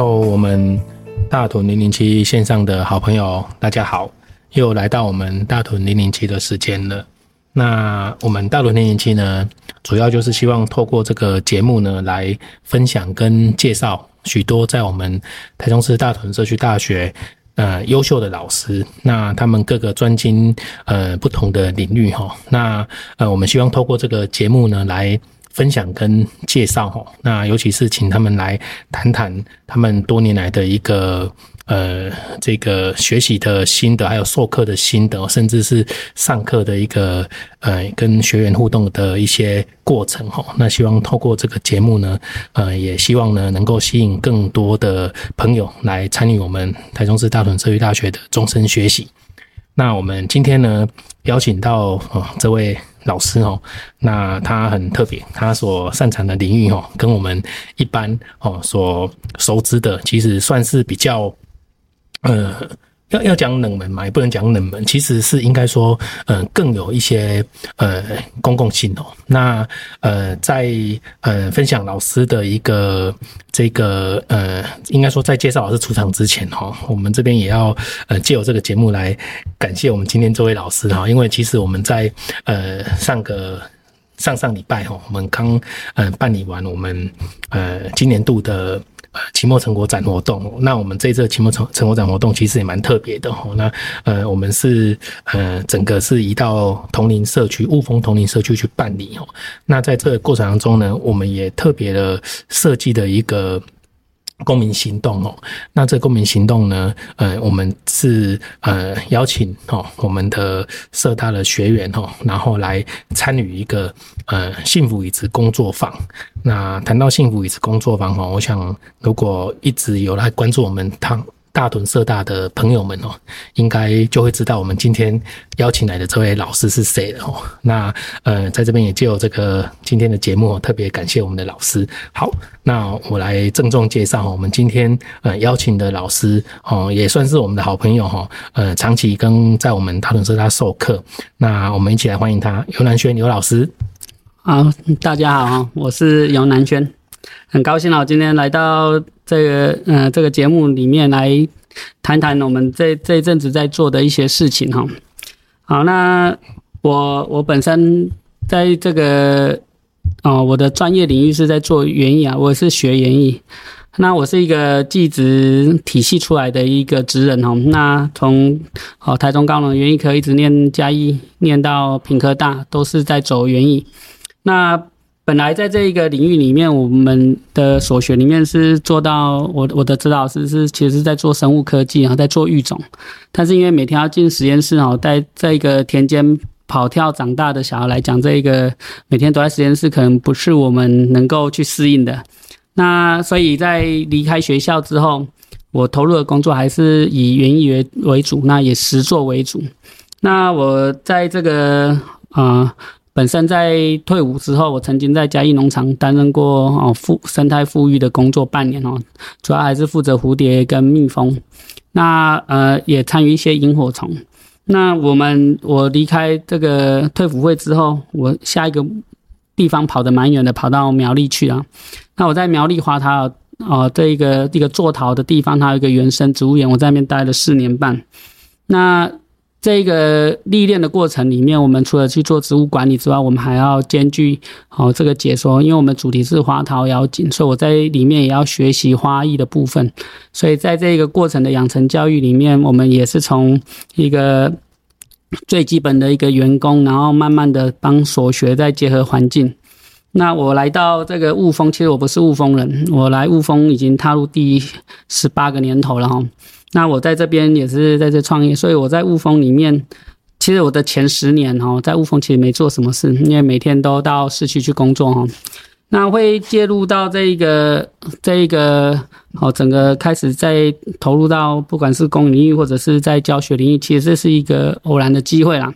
哦，我們大屯零零七線上的好朋友，大家好，又來到我們大屯零零七的時間了。那我們大屯零零七呢，主要就是希望透過這個節目呢，來分享跟介紹許多在我們台中市大屯社區大學呃優秀的老師，那他們各個專精呃不同的領域哈。那呃，我們希望透過這個節目呢，來。分享跟介紹哈，那尤其是請他們來談談他們多年來的一個呃這個學習的心得，還有授課的心得，甚至是上課的一個呃跟學員互動的一些過程哈。那希望透過這個節目呢，呃也希望呢能夠吸引更多的朋友來參與我們台中市大屯社區大學的終身學習。那我們今天呢邀請到啊、哦、這位。老師哦，那他很特別，他所擅長的領域哦，跟我們一般哦所熟知的，其實算是比較，呃。要要講冷門嘛，也不能講冷門，其實是應該說，嗯、呃，更有一些呃公共性哦、喔。那呃，在呃分享老師的一個這個呃，應該說在介紹老師出場之前哈、喔，我們這邊也要呃借由這個節目來感謝我們今天這位老師哈、喔，因為其實我們在呃上個上上禮拜哈、喔，我們剛呃辦理完我們呃今年度的。期末成果展活動，那我們這次期末成成果展活動其實也蠻特別的哈。那呃，我們是呃，整個是移到桐林社區霧峰桐林社區去辦理哦。那在這個過程當中呢，我們也特別的設計了一個。公民行動哦，那這個公民行動呢，呃，我們是呃邀請哦，我們的社大的學員哦，然後來參與一個呃幸福椅子工作坊。那談到幸福椅子工作坊哦，我想如果一直有來關注我們湯。大屯社大的朋友們哦、喔，應該就會知道我們今天邀請來的這位老師是誰了哦、喔。那呃，在這邊也藉由這個今天的節目、喔，特別感謝我們的老師。好，那我來鄭重介紹、喔，我們今天呃邀請的老師哦、呃，也算是我們的好朋友哈、喔。呃，長期跟在我們大屯社大授課，那我們一起來歡迎他，游南軒游老師。好，大家好，我是游南軒。很高興啊，今天來到這個嗯、呃、這個節目裡面來談談我們這這一陣子在做的一些事情哈。好，那我我本身在這個哦，我的專業領域是在做園藝啊，我是學園藝，那我是一個技職體系出來的一個職人哈。那從哦，台中高農園藝科一直念嘉義，念到屏科大都是在走園藝，那。本來在這一個領域裡面，我們的所學裡面是做到我我的指導師是其實是在做生物科技，然後在做育種。但是因為每天要進實驗室，然後在這個田間跑跳長大的小孩來講，這一個每天都在實驗室可能不是我們能夠去適應的。那所以在離開學校之後，我投入的工作還是以園藝為為主，那也實作為主。那我在這個啊。呃本身在退伍之後，我曾經在嘉義農場擔任過哦富生態復育的工作半年哦，主要還是負責蝴蝶跟蜜蜂，那呃也參與一些螢火蟲。那我們我離開這個退輔會之後，我下一個地方跑得蠻遠的，跑到苗栗去啊。那我在苗栗華陶哦、呃、這一個一、這個做陶的地方，它有一個原生植物園，我在那邊待了四年半。那這個歷練的過程裡面，我們除了去做植物管理之外，我們還要兼具好這個解說，因為我們主題是花桃妖精，所以我在裡面也要學習花藝的部分。所以在這個過程的養成教育裡面，我們也是從一個最基本的一個員工，然後慢慢的幫所學再結合環境。那我來到這個霧峰，其實我不是霧峰人，我來霧峰已經踏入第十八個年頭了哈。那我在這邊也是在這創業，所以我在霧峰裡面，其實我的前十年哈，在霧峰其實沒做什麼事，因為每天都到市區去工作哈。那會介入到這一個，這一個哈，整個開始在投入到不管是公領域或者是在教學領域，其實這是一個偶然的機會啦。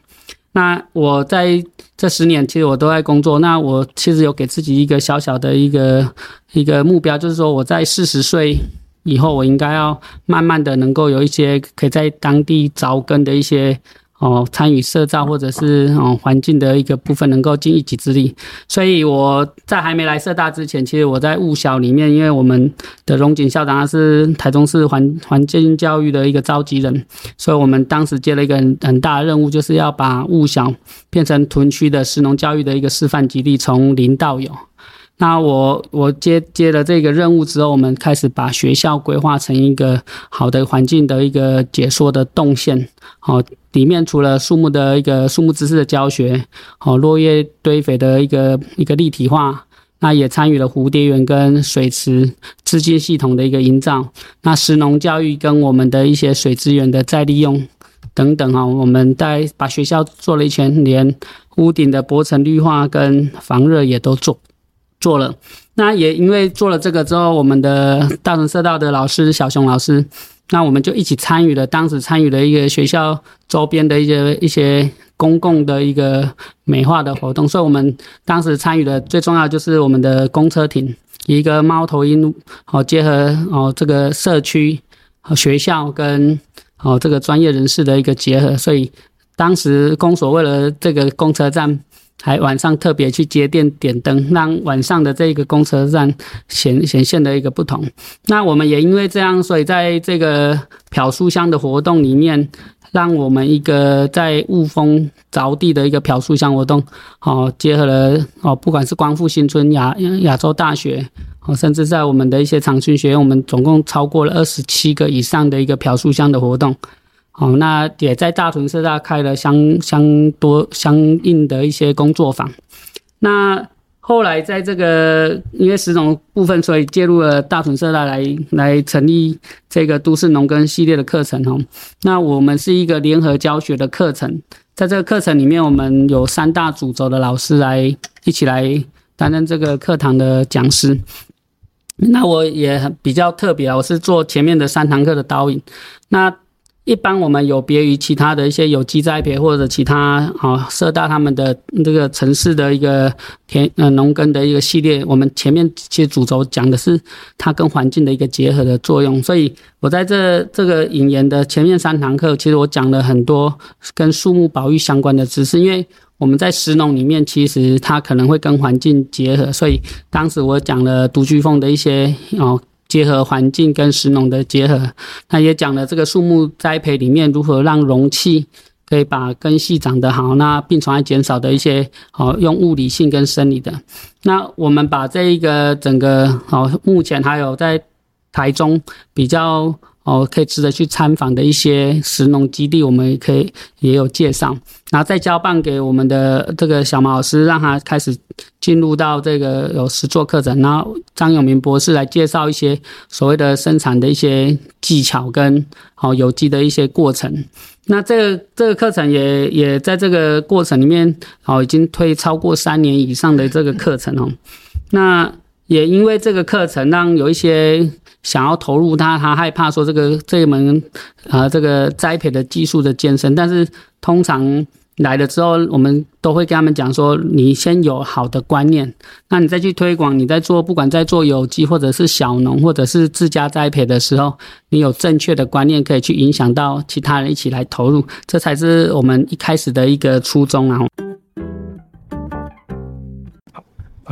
那我在這十年其實我都在工作，那我其實有給自己一個小小的一個，一個目標，就是說我在四十歲，以後我應該要慢慢的能夠有一些可以在當地扎根的一些哦，參與社造或者是嗯、哦、環境的一個部分，能夠盡一己之力。所以我在還沒來社大之前，其實我在霧小裡面，因為我們的龍井校長他是台中市環環境教育的一個召集人，所以我們當時接了一個很很大的任務，就是要把霧小變成屯區的食農教育的一個示範基地，從零到有。那我我接接了這個任務之後，我們開始把學校規劃成一個好的環境的一個解說的動線。好、哦，裡面除了樹木的一個樹木知識的教學，好、哦、落葉堆肥的一個一個立體化，那也參與了蝴蝶園跟水池資金系統的一個營造。那食農教育跟我們的一些水資源的再利用等等啊、哦，我們在把學校做了一圈，連屋頂的薄層綠化跟防熱也都做。做了，那也因為做了這個之後，我們的大屯社大的老師小熊老師，那我們就一起參與了當時參與的一個學校周邊的一些一些公共的一個美化的活動。所以，我們當時參與的最重要的就是我們的公車亭，一個貓頭鷹哦，結合哦這個社區和、哦、學校跟哦這個專業人士的一個結合。所以，當時公所為了這個公車站。還晚上特別去接電點燈，讓晚上的這個公車站顯顯現的一個不同。那我們也因為這樣，所以在這個漂書箱的活動裡面，讓我們一個在霧峰在地的一個漂書箱活動，好、哦、結合了哦，不管是光復新村亞亞洲大學，哦，甚至在我們的一些長青學院，我們總共超過了二十七個以上的一個漂書箱的活動。好、哦，那也在大屯社大開了相相多相應的一些工作坊。那後來在這個因為十種部分，所以介入了大屯社大來來成立這個都市農耕系列的課程。哈，那我們是一個聯合教學的課程，在這個課程裡面，我們有三大主軸的老師來一起來擔任這個課堂的講師。那我也很比較特別啊，我是做前面的三堂課的導引。那。一般我們有別於其他的一些有機栽培，或者其他啊、哦，社大他們的這個城市的一個田呃農耕的一個系列。我們前面其實主軸講的是它跟環境的一個結合的作用。所以我在這這個引言的前面三堂課，其實我講了很多跟樹木保育相關的知識，因為我們在食農裡面，其實它可能會跟環境結合。所以當時我講了獨居蜂的一些哦。結合環境跟食農的結合，那也講了這個樹木栽培裡面如何讓容器可以把根系長得好，那病蟲害減少的一些好、哦、用物理性跟生理的。那我們把這一個整個好、哦，目前還有在台中比較。哦，可以值得去參訪的一些食農基地，我們也可以也有介紹，然後再交棒給我們的這個小馬老師，讓他開始進入到這個有實作課程，然後張永明博士來介紹一些所謂的生產的一些技巧跟好、哦、有機的一些過程。那這個這個課程也也在這個過程裡面，哦，已經推超過三年以上的這個課程哦，那。也因為這個課程，讓有一些想要投入他，他害怕說這個這一門啊、呃，這個栽培的技術的艱深。但是通常來了之後，我們都會跟他們講說：你先有好的觀念，那你再去推廣，你在做，不管在做有機或者是小農或者是自家栽培的時候，你有正確的觀念，可以去影響到其他人一起來投入，這才是我們一開始的一個初衷啊。好、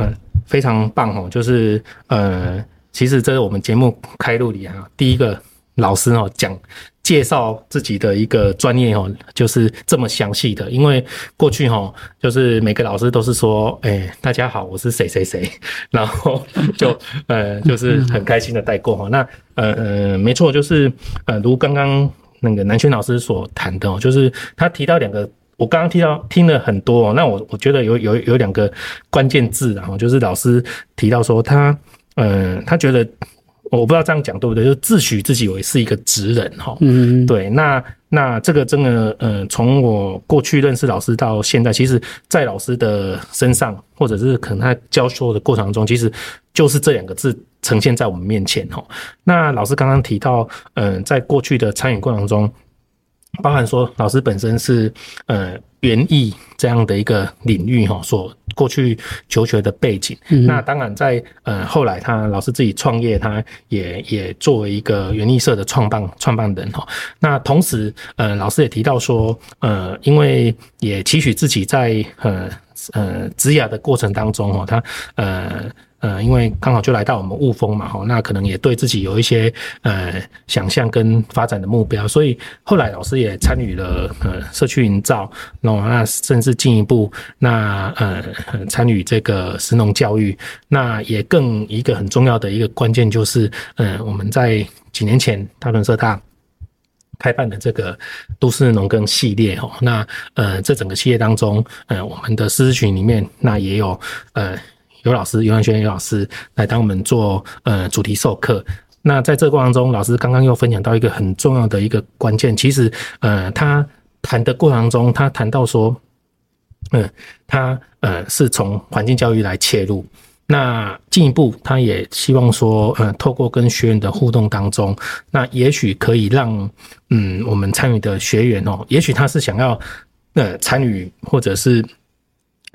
嗯，非常棒哈，就是呃，其實這是我們節目開錄裡啊，第一個老師哦講介紹自己的一個專業哦，就是這麼詳細的，因為過去哈，就是每個老師都是說，哎，大家好，我是誰誰誰，然後就呃，就是很開心的帶過哈，那呃呃，沒錯，就是呃，如剛剛那個南軒老師所談的哦，就是他提到兩個。我剛剛聽到聽了很多、喔、那我我覺得有有有兩個關鍵字，然後就是老師提到說他，嗯，他覺得我不知道這樣講對不對，就自詡自己為是一個職人哈，嗯，對，那那這個真的，嗯，從我過去認識老師到現在，其實，在老師的身上，或者是可能他教授的過程中，其實就是這兩個字呈現在我們面前哈、喔。那老師剛剛提到，嗯，在過去的參與過程中。包含說老師本身是呃園藝這樣的一個領域哈，所過去求學的背景。嗯、那當然在呃後來他老師自己創業，他也也作為一個園藝社的創辦創辦人哈。那同時呃老師也提到說，呃因為也期許自己在呃呃職涯的過程當中哈，他呃。呃因為剛好就來到我們霧峰嘛，哦、那可能也對自己有一些呃想象跟發展的目標，所以後來老師也參與了呃社區營造，那、嗯、那甚至進一步那呃、呃參與這個食農教育，那也更一個很重要的一個關鍵就是，呃我們在幾年前大屯社大開辦的這個都市農耕系列，吼、哦，那呃這整個系列當中，呃我們的師資群裡面那也有呃。有老師，有讓學員有老師來當我們做呃主題授課。那在這個過程中，老師剛剛又分享到一個很重要的一個關鍵。其實，呃，他談的過程中，他談到說，嗯、呃，他呃是從環境教育來切入。那進一步，他也希望說，呃，透過跟學員的互動當中，那也許可以讓嗯我們參與的學員哦、喔，也許他是想要呃參與或者是。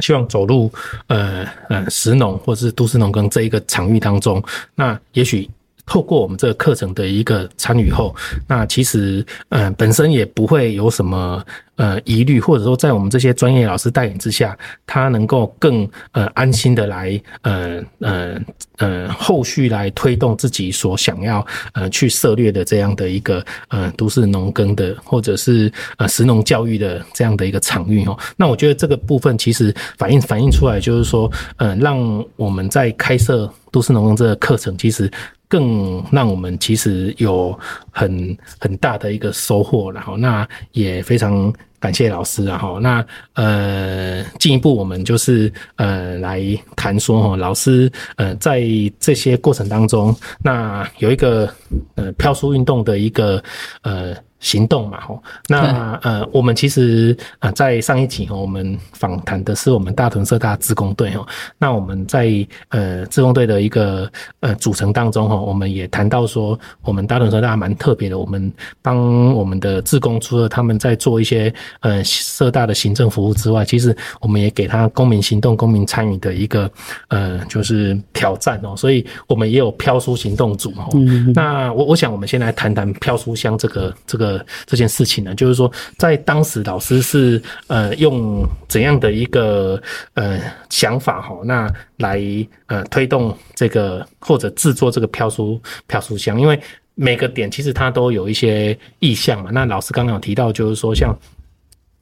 希望走入，呃呃、嗯，食農或者是都市農耕這一個場域當中，那也許。透過我們這個課程的一個參與後，那其實，嗯、呃，本身也不會有什麼呃疑慮，或者說在我們這些專業老師帶領之下，他能夠更呃安心的來，呃呃呃，後續來推動自己所想要呃去涉獵的這樣的一個呃都市農耕的或者是呃食農教育的這樣的一個場域哦、喔。那我覺得這個部分其實反映反映出來就是說，嗯、呃，讓我們在開設都市農耕這個課程，其實。更讓我們其實有很很大的一個收穫，然後那也非常感謝老師，然後那呃進一步我們就是呃來談說哈，老師呃在這些過程當中，那有一個呃漂書運動的一個呃。行動嘛，吼，那呃，我們其實啊，呃，在上一集哦，我們訪談的是我們大屯社大志工隊哦，那我們在呃志工隊的一個呃組成當中哈，我們也談到說，我們大屯社大蠻特別的，我們幫我們的志工除了他們在做一些呃社大的行政服務之外，其實我們也給他公民行動、公民參與的一個呃就是挑戰哦，所以我們也有漂書行動組嘛，那我我想我們先來談談漂書箱這個這個。呃，這件事情呢，就是說，在當時老師是呃用怎樣的一個呃想法哈，那來呃推動這個或者製作這個漂書漂書箱，因為每個點其實它都有一些意象嘛。那老師剛剛有提到，就是說像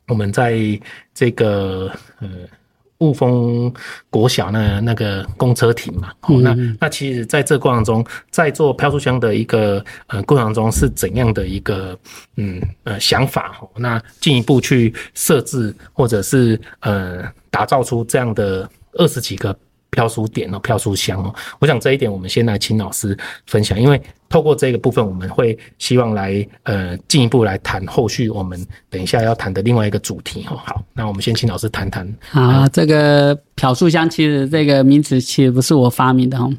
我們在這個呃。霧峰國小那個那個公車亭嘛，哦，那那其實在這個過程中，在做漂書箱的一個呃過程中是怎樣的一個嗯、呃、想法？哈？那進一步去設置或者是呃打造出這樣的二十幾個。漂書點哦、喔，漂書箱哦，我想這一點我們先來請老師分享，因為透過這個部分，我們會希望來呃進一步來談後續我們等一下要談的另外一個主題哦、喔。好，那我們先請老師談談。啊，這個漂書箱其實這個名詞其實不是我發明的哈，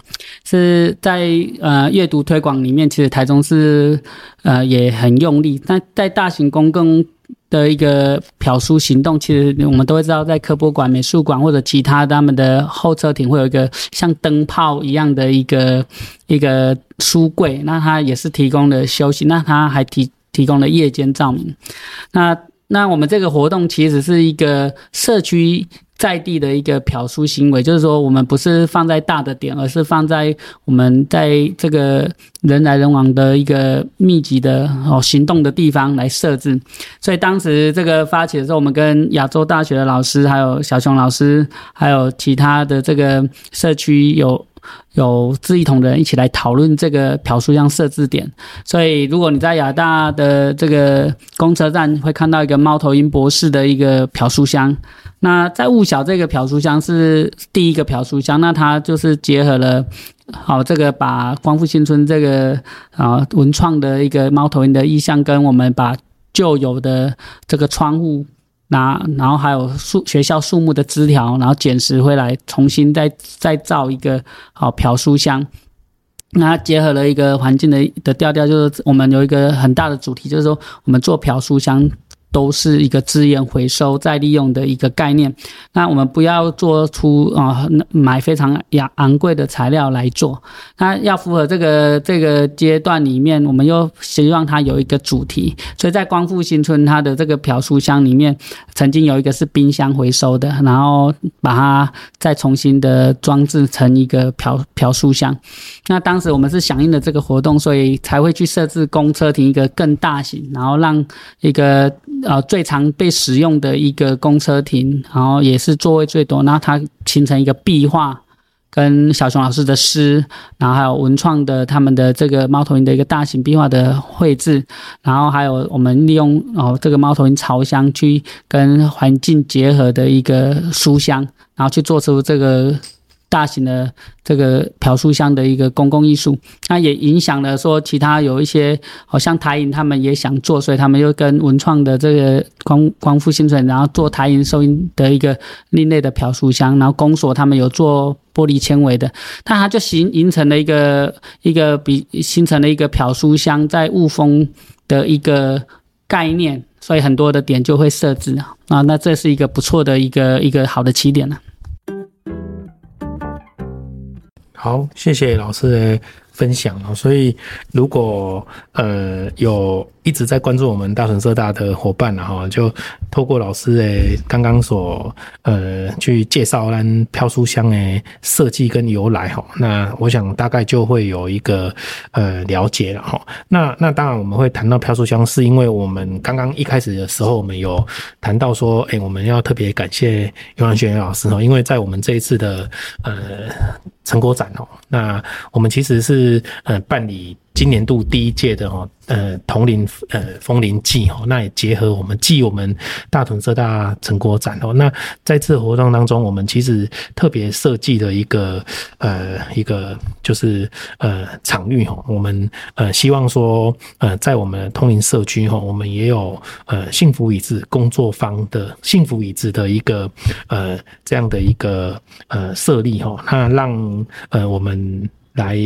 是在呃閱讀推廣裡面，其實台中是呃也很用力，但在大型公共。的一個漂書行動，其實我們都會知道，在科博館、美術館或者其他他們的候車亭，會有一個像燈泡一樣的一個一個書櫃，那它也是提供了休息，那它還提提供了夜間照明，那。那我們這個活動其實是一個社區在地的一個漂書行為，就是說我們不是放在大的點，而是放在我們在這個人來人往的一個密集的哦行動的地方來設置。所以當時這個發起的時候，我們跟亞洲大學的老師、還有小熊老師、還有其他的這個社區有。有志一同的人一起來討論這個漂書箱設置點，所以如果你在亞大的這個公車站會看到一個貓頭鷹博士的一個漂書箱，那在霧小這個漂書箱是第一個漂書箱，那它就是結合了，好這個把光復新村這個啊文創的一個貓頭鷹的意象跟我們把舊有的這個窗戶。那然後還有樹學校樹木的枝條，然後撿拾回來，重新再再造一個好漂書箱。那結合了一個環境的的調調，就是我們有一個很大的主題，就是說我們做漂書箱。都是一個資源回收再利用的一個概念。那我們不要做出啊、哦、買非常昂貴的材料來做，那要符合這個這個階段裡面，我們又希望它有一個主題。所以在光復新村，它的這個漂書箱裡面，曾經有一個是冰箱回收的，然後把它再重新的裝置成一個漂漂書箱。那當時我們是響應了這個活動，所以才會去設置公車亭一個更大型，然後讓一個。呃，最常被使用的一個公車亭，然後也是座位最多，那它形成一個壁畫，跟小熊老師的詩，然後還有文創的他們的這個貓頭鷹的一個大型壁畫的繪製，然後還有我們利用哦這個貓頭鷹巢箱去跟環境結合的一個書香，然後去做出這個。大型的這個漂書箱的一個公共藝術，那也影響了說其他有一些，好、哦、像台銀他們也想做，所以他們又跟文創的這個光光復新村，然後做台銀收銀的一個另類的漂書箱，然後公所他們有做玻璃纖維的，那它就形形成了一個一個比形成了一個漂書箱在霧峰的一個概念，所以很多的點就會設置啊、哦，那這是一個不錯的一個一個好的起點了、啊。好，謝謝老師的分享了，所以如果呃有一直在關注我們大屯社大的伙伴呢，哈，就透過老師誒、欸，剛剛所呃去介紹啦飄書箱誒設計跟由來哈，那我想大概就會有一個呃了解了，哈。那那當然我們會談到飄書箱，是因為我們剛剛一開始的時候我們有談到說，誒、欸，我們要特別感謝游南軒老師哦，因為在我們這一次的呃成果展哦，那我們其實是。是呃、嗯、辦理今年度第一屆的哦，呃桐林呃楓林季吼，那也結合我們暨我們大屯社大成果展哦，那在這活動當中，我們其實特別設計的一個呃一個就是呃場域吼、哦，我們呃希望說呃在我們的桐林社區吼、哦，我們也有呃幸福椅子工作坊的幸福椅子的一個呃這樣的一個呃設立吼，那、哦、讓呃我們來。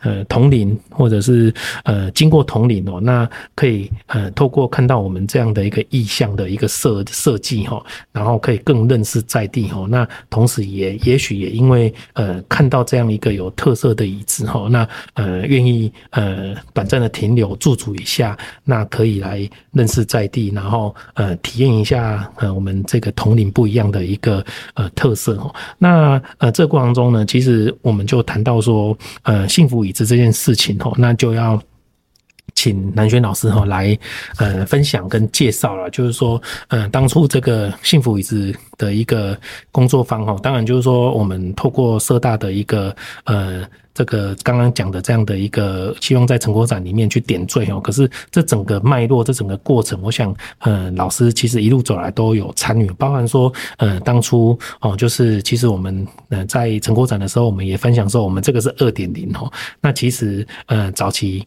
呃，同齡或者是呃，經過同齡哦，那可以呃，透過看到我們這樣的一個意象的一個設設計哈、哦，然後可以更認識在地哦，那同時也也許也因為呃，看到這樣一個有特色的椅子哈、哦，那呃，願意呃短暫的停留駐足一下，那可以來認識在地，然後呃，體驗一下呃我們這個同齡不一樣的一個呃特色哦，那呃這個過程中呢，其實我們就談到說呃幸福椅。抵制這件事情吼，那就要。請南軒老師哈、喔、來，呃，分享跟介紹了，就是說，嗯，當初這個幸福椅子的一個工作坊哈、喔，當然就是說，我們透過社大的一個，呃，這個剛剛講的這樣的一個，希望在成果展裡面去點綴哦。可是這整個脈絡，這整個過程，我想，呃，老師其實一路走來都有參與，包含說，呃，當初哦、喔，就是其實我們，呃，在成果展的時候，我們也分享說，我們這個是二點零哦。那其實，呃，早期。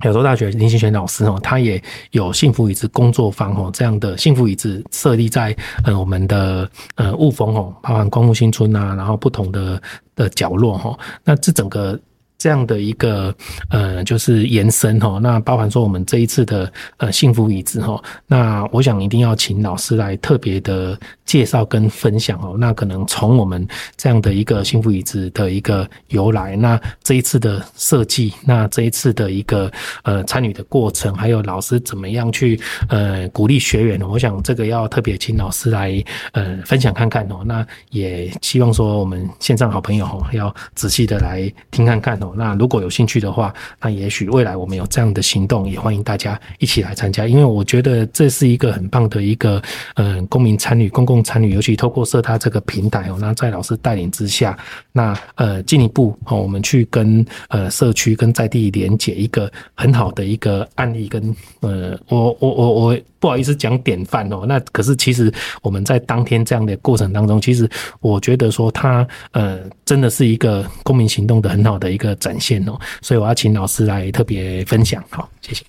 亞州大學林清玄老師哦，他也有幸福椅子工作坊哦，這樣的幸福椅子設立在呃我們的呃霧峰哦，包含光復新村啊，然後不同的的角落哈，那這整個。這樣的一個呃，就是延伸哦、喔。那包含說我們這一次的呃幸福椅子哈、喔，那我想一定要請老師來特別的介紹跟分享哦、喔。那可能從我們這樣的一個幸福椅子的一個由來，那這一次的設計，那這一次的一個呃參與的過程，還有老師怎麼樣去呃鼓勵學員，我想這個要特別請老師來呃分享看看哦、喔。那也希望說我們線上好朋友哈、喔，要仔細的來聽看看哦、喔。那如果有興趣的話，那也許未來我們有這樣的行動，也歡迎大家一起來參加。因為我覺得這是一個很棒的一個，嗯、呃，公民參與、公共參與，尤其透過社大這個平台哦、喔，那在老師帶領之下，那呃進一步哦、喔，我們去跟呃社區、跟在地連接一個很好的一個案例跟，跟呃我我我我。O, o, o, o, o 不好意思，講典範哦、喔，那可是其實，我們在當天這樣的過程當中，其實我覺得說它，呃，真的是一個公民行動的很好的一個展現哦、喔，所以我要請老師來特別分享，好、喔，謝謝。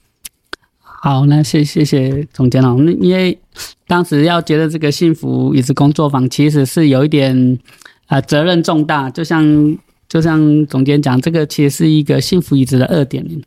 好，那謝謝謝總監哦，因為當時要覺得這個幸福椅子工作坊其實是有一點啊、呃、責任重大，就像就像總監講，這個其實是一個幸福椅子的二點零。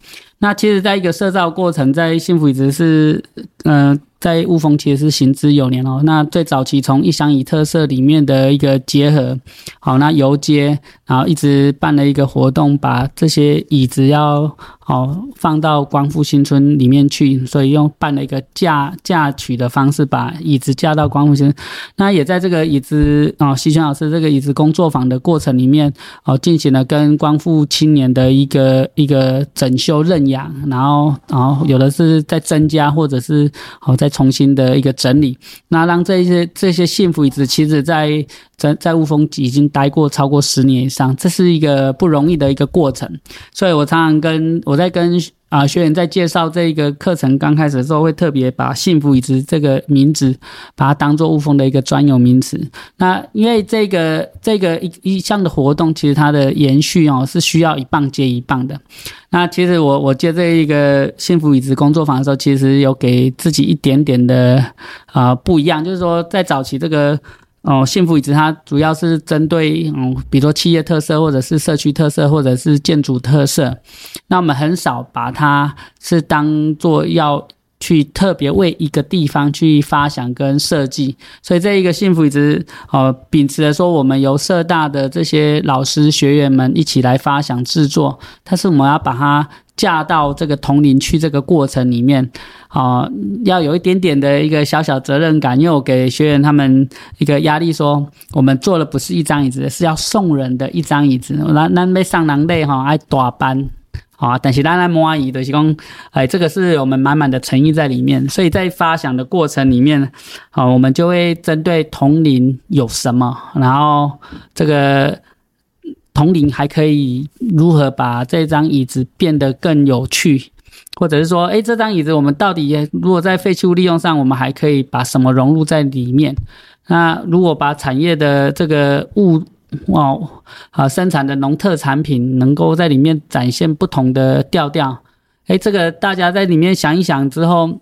那其實，在一個社造過程，在幸福椅子是，嗯、呃，在霧峰其實是行之有年哦。那最早期從一鄉一特色裡面的一個結合，好，那遊街，然後一直辦了一個活動，把這些椅子要好、哦、放到光復新村裡面去，所以用辦了一個嫁嫁娶的方式，把椅子嫁到光復新村。那也在這個椅子哦，南軒老師這個椅子工作坊的過程裡面，哦，進行了跟光復青年的一個一個整修認養。然後，然後有的是在增加，或者是好再重新的一個整理，那讓這些這些幸福椅子，其實在，在在在霧峰已經待過超過十年以上，這是一個不容易的一個過程。所以我常常跟我在跟。啊，學員在介紹這個課程剛開始的時候，會特別把“幸福椅子”這個名字，把它當做霧峰的一個專有名詞。那因為這個這個一一項的活動，其實它的延續哦，是需要一棒接一棒的。那其實我我接這一個幸福椅子工作坊的時候，其實有給自己一點點的啊、呃、不一樣，就是說在早期這個。哦，幸福椅子它主要是針對嗯，比如說企業特色，或者是社區特色，或者是建築特色。那我們很少把它是當做要去特別為一個地方去發想跟設計。所以這一個幸福椅子，呃、哦，秉持着說我們由社大的這些老師、學員們一起來發想制作，但是我們要把它。嫁到這個同齡去這個過程裡面，啊，要有一點點的一個小小責任感，因為我給學員他們一個壓力說，說我們做的不是一張椅子，是要送人的一張椅子。那那沒上廊內哈，還打、啊、班，啊但是當然摸阿姨都是講，哎，這個是我們滿滿的誠意在裡面，所以在發想的過程裡面，啊我們就會針對同齡有什麼，然後這個。同齡還可以如何把這張椅子變得更有趣，或者是說，哎，這張椅子我們到底如果在廢棄物利用上，我們還可以把什麼融入在裡面？那如果把產業的這個物，哦，啊，生產的農特產品能夠在裡面展現不同的調調，哎，這個大家在裡面想一想之後。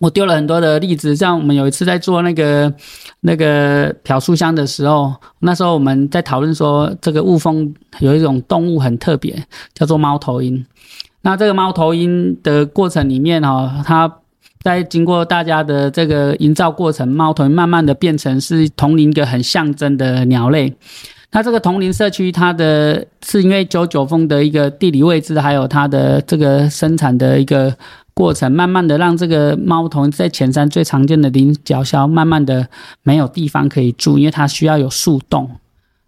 我丟了很多的例子，像我們有一次在做那個那個漂書箱的時候，那時候我們在討論說，這個霧峰有一種動物很特別，叫做貓頭鷹。那這個貓頭鷹的過程裡面哈，它在經過大家的這個營造過程，貓頭鷹慢慢的變成是桐林一個很象徵的鳥類。那這個桐林社區，它的是因為九九峰的一個地理位置，還有它的這個生產的一個。過程慢慢的讓這個貓頭鷹在淺山最常見的領角鴞，慢慢的沒有地方可以住，因為它需要有樹洞。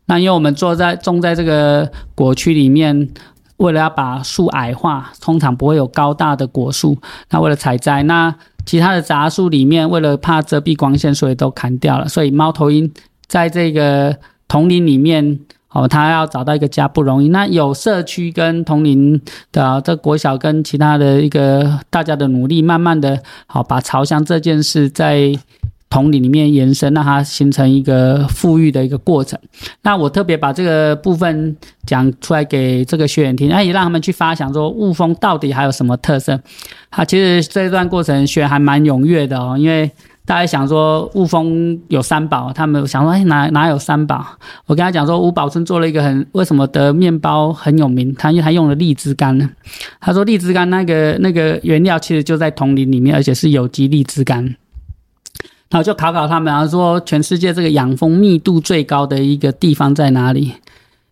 那因為我們坐在種在這個果區裡面，為了要把樹矮化，通常不會有高大的果樹。那為了採摘，那其他的雜樹裡面，為了怕遮蔽光線，所以都砍掉了。所以貓頭鷹在這個叢林裡面。哦，他要找到一個家不容易。那有社區跟同齡的、啊、這個、國小跟其他的一個大家的努力，慢慢的好、哦、把漂書這件事在同齡裡面延伸，讓它形成一個富裕的一個過程。那我特別把這個部分講出來給這個學員聽，那也讓他們去發想說霧峰到底還有什麼特色？好、啊，其實這一段過程學員還蠻踴躍的哦，因為。大家想說霧峰有三寶，他們想說，哎，哪哪有三寶？我跟他講說，吳寶春做了一個很，為什麼的麵包很有名？他因為他用了荔枝乾，他說荔枝乾那個那個原料其實就在桐林裡面，而且是有機荔枝乾。然後就考考他們，然後說全世界這個養蜂密度最高的一個地方在哪裡？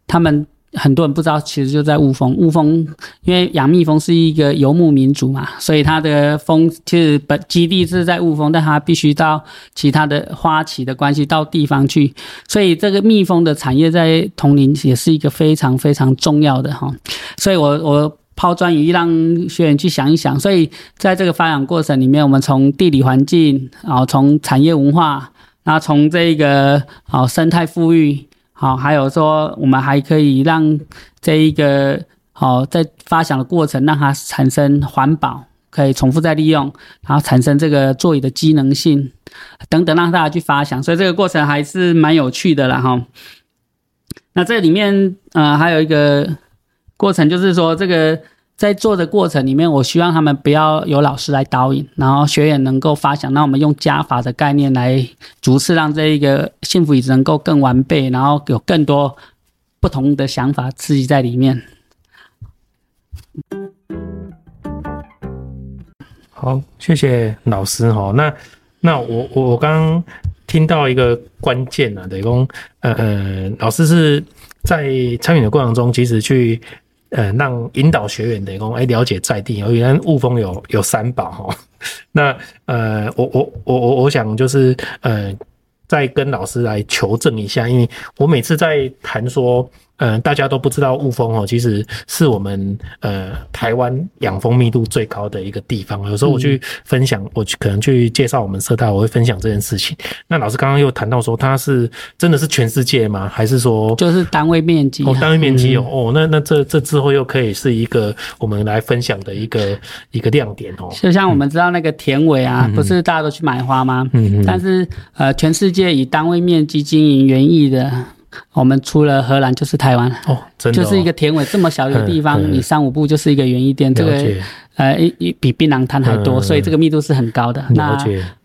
他們。很多人不知道，其實就在霧峰。霧峰因為養蜜蜂是一個游牧民族嘛，所以它的蜂就是本基地是在霧峰，但它必須到其他的花期的關係到地方去，所以這個蜜蜂的產業在桐林也是一個非常非常重要的哈、哦。所以我我拋磚引玉，讓學員去想一想。所以在這個發展過程裡面，我們從地理環境，然、哦、後從產業文化，然後從這個啊、哦、生態富裕。好、哦，還有說我們還可以讓這一個好、哦、在發想的過程，讓它產生環保，可以重複再利用，然後產生這個座椅的機能性等等，讓大家去發想。所以這個過程還是蠻有趣的啦哈。那這裡面呃還有一個過程，就是說這個。在做的過程裡面，我希望他們不要由老師來導引，然後學員能夠發想，讓我們用加法的概念來，逐次讓這一個幸福椅子能夠更完備，然後有更多不同的想法刺激在裡面。好，謝謝老師哈。那那我我我剛剛聽到一個關鍵啊，雷公呃呃，老師是在參與的過程中，其實去。呃、嗯，讓引導學員等於說，哎、欸，了解在地，原來霧峰有有三寶哈。那呃，我我我我我想就是呃，再跟老師來求證一下，因為我每次在談說。嗯、呃，大家都不知道霧峰哦，其實是我們呃台灣養蜂密度最高的一個地方。有時候我去分享，嗯、我去可能去介紹我們社大，我會分享這件事情。那老師剛剛又談到說，它是真的是全世界嗎？還是說就是單位面積，啊、哦？單位面積有、嗯、哼哦，那那這這之後又可以是一個我們來分享的一個一個亮點哦。就像我們知道那個田尾啊，嗯、哼不是大家都去買花嗎？嗯嗯哼。但是呃，全世界以單位面積經營園藝的。我們出了荷蘭就是台灣哦，哦，就是一個田尾這麼小的地方，你三、嗯嗯、五步就是一個園藝店，了解這個呃一一比檳榔攤還多，嗯、所以這個密度是很高的。嗯，那